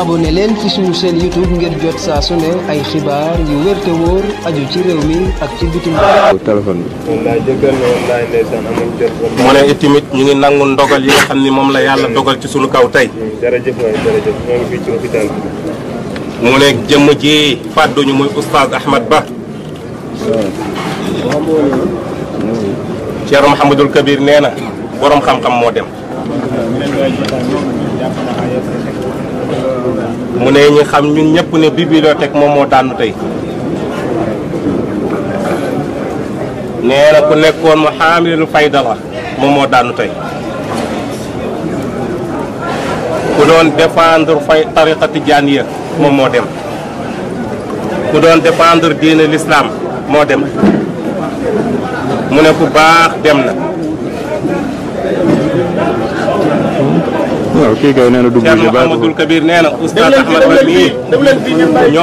abonné leen ci suñu chaîne YouTube ngir jot saa su ne ay xibaar yu wér te wóor aju ci réew mi ak ci bitim téléphone mu ne it tamit ñu ngi nangu ndogal yi xam ni moom la yàlla dogal ci suñu kaw tey. Hmm, jërëjëf waay jërëjëf ñoo ngi ci hôpital bi. ne muy oustaz Ahmad Ba. Cheikh Mouhamadul Kabir nee na borom xam-xam moo dem. mu ne ñi xam ñun ñëpp ne bibliothèque moom moo daanu tey nee na ku nekkoon mu xaamilu fayda la moom moo daanu tey ku doon défendre fay tariqa tijaaniya moom moo dem ku doon défendre diine l'islam moo dem mu ne ku baax dem na waaw kii kay nee na du nee na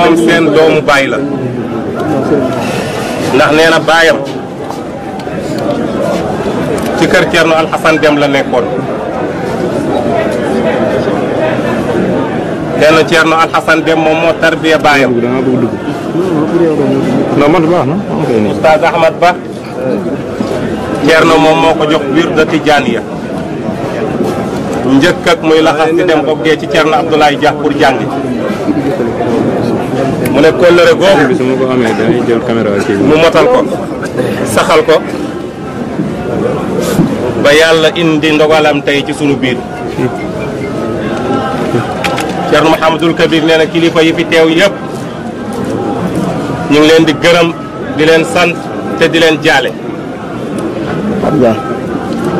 oustaz doomu baay la ndax nee na baayam ci kër Dem la nekkoon Thierno Thierno Alxasan Dem moom moo tarbiya baayam non man baax na oustaz Ahmad Ba Thierno ko jox biir Tijaaniya njëkk ak muy laxas di dem boog dee ci Thierno Abdoulaye Dia pour jàngi. mu ne kóllëre googu. ko mu motal ko saxal ko ba yàlla indi ndogalam tey ci sunu biir. Thierno Mouhamadul Kabir nee na kilifa yi fi teew yëpp ñu ngi leen di gërëm di leen sant te di leen jaale.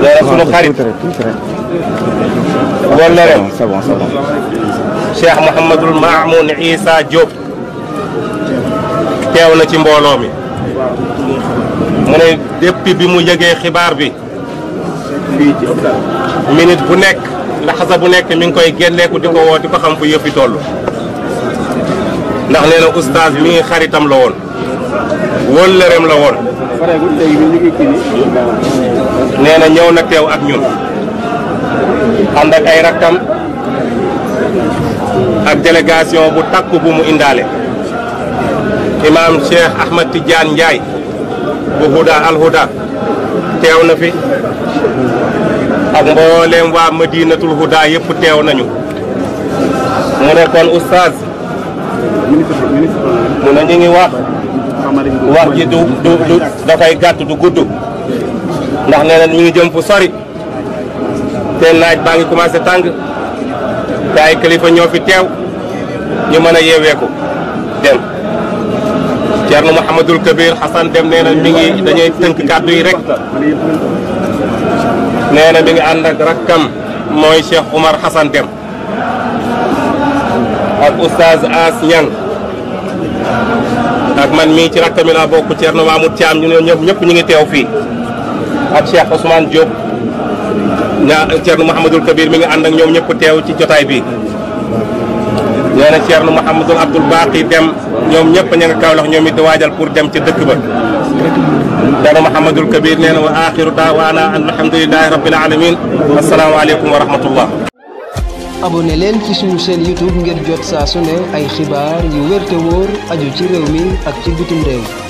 loolu sunu xarit wëllëreem Cheikh Mouhamadul Mamoun Issa Diop teew na ci mbooloo mi mu ne depuis bi mu yëgee xibaar bi minute bu nekk laxasa bu nekk mi ngi koy génneeku di ko woo di ko xam fu yëpp yi toll ndax nee na oustaz mi ngi xaritam la woon wëllëreem la woon nee na ñëw na teew ak ñun ànd ay rakkam ak délégation bu takku bu mu indaale imaam Cheikh Ahmad Tidiane Ndiaye bu Huda al Huda teew na fi ak mbooleem waa Madinatul Huda yëpp teew nañu mu ne kon oustaz ñu ngi wax wax ji du du du dafay gàtt du gudd ndax nee na mi ngi jëm fu sori te naaj baa ngi commencé tàng te ay kilifa ñoo fi teew ñu mën a yeeweeku dem Thierno Mouhamadul Kabir Hassan dem nee na mi ngi dañuy tënk kàddu yi rek nee na mi ngi ànd ak rakkam mooy Cheikh Oumar Hassan dem ak oustaz As man mii ci rakkam yi laa bokk Thierno Mahmoud Thiam ñu ne ñëpp ñu ngi teew fii. ak Cheikh Ousmane Diop ñaa Thierno Mouhamadul Kabir mi ngi ànd ñoom ñëpp teew ci jotaay bi nee na Thierno Mouhamadul Abdoul Baqi dem ñoom ñëpp ña nga Kaolack ñoom it di waajal pour dem ci dëkk ba Thierno Mouhamadul Kabir nee na wa axiru daawaana an alhamdulilahi rabbil alamin asalaamaaleykum wa rahmatullah leen ci suñu chaîne YouTube ngir jot saa su ne ay xibaar yu wér wóor aju ci réew mi ak ci bitim réew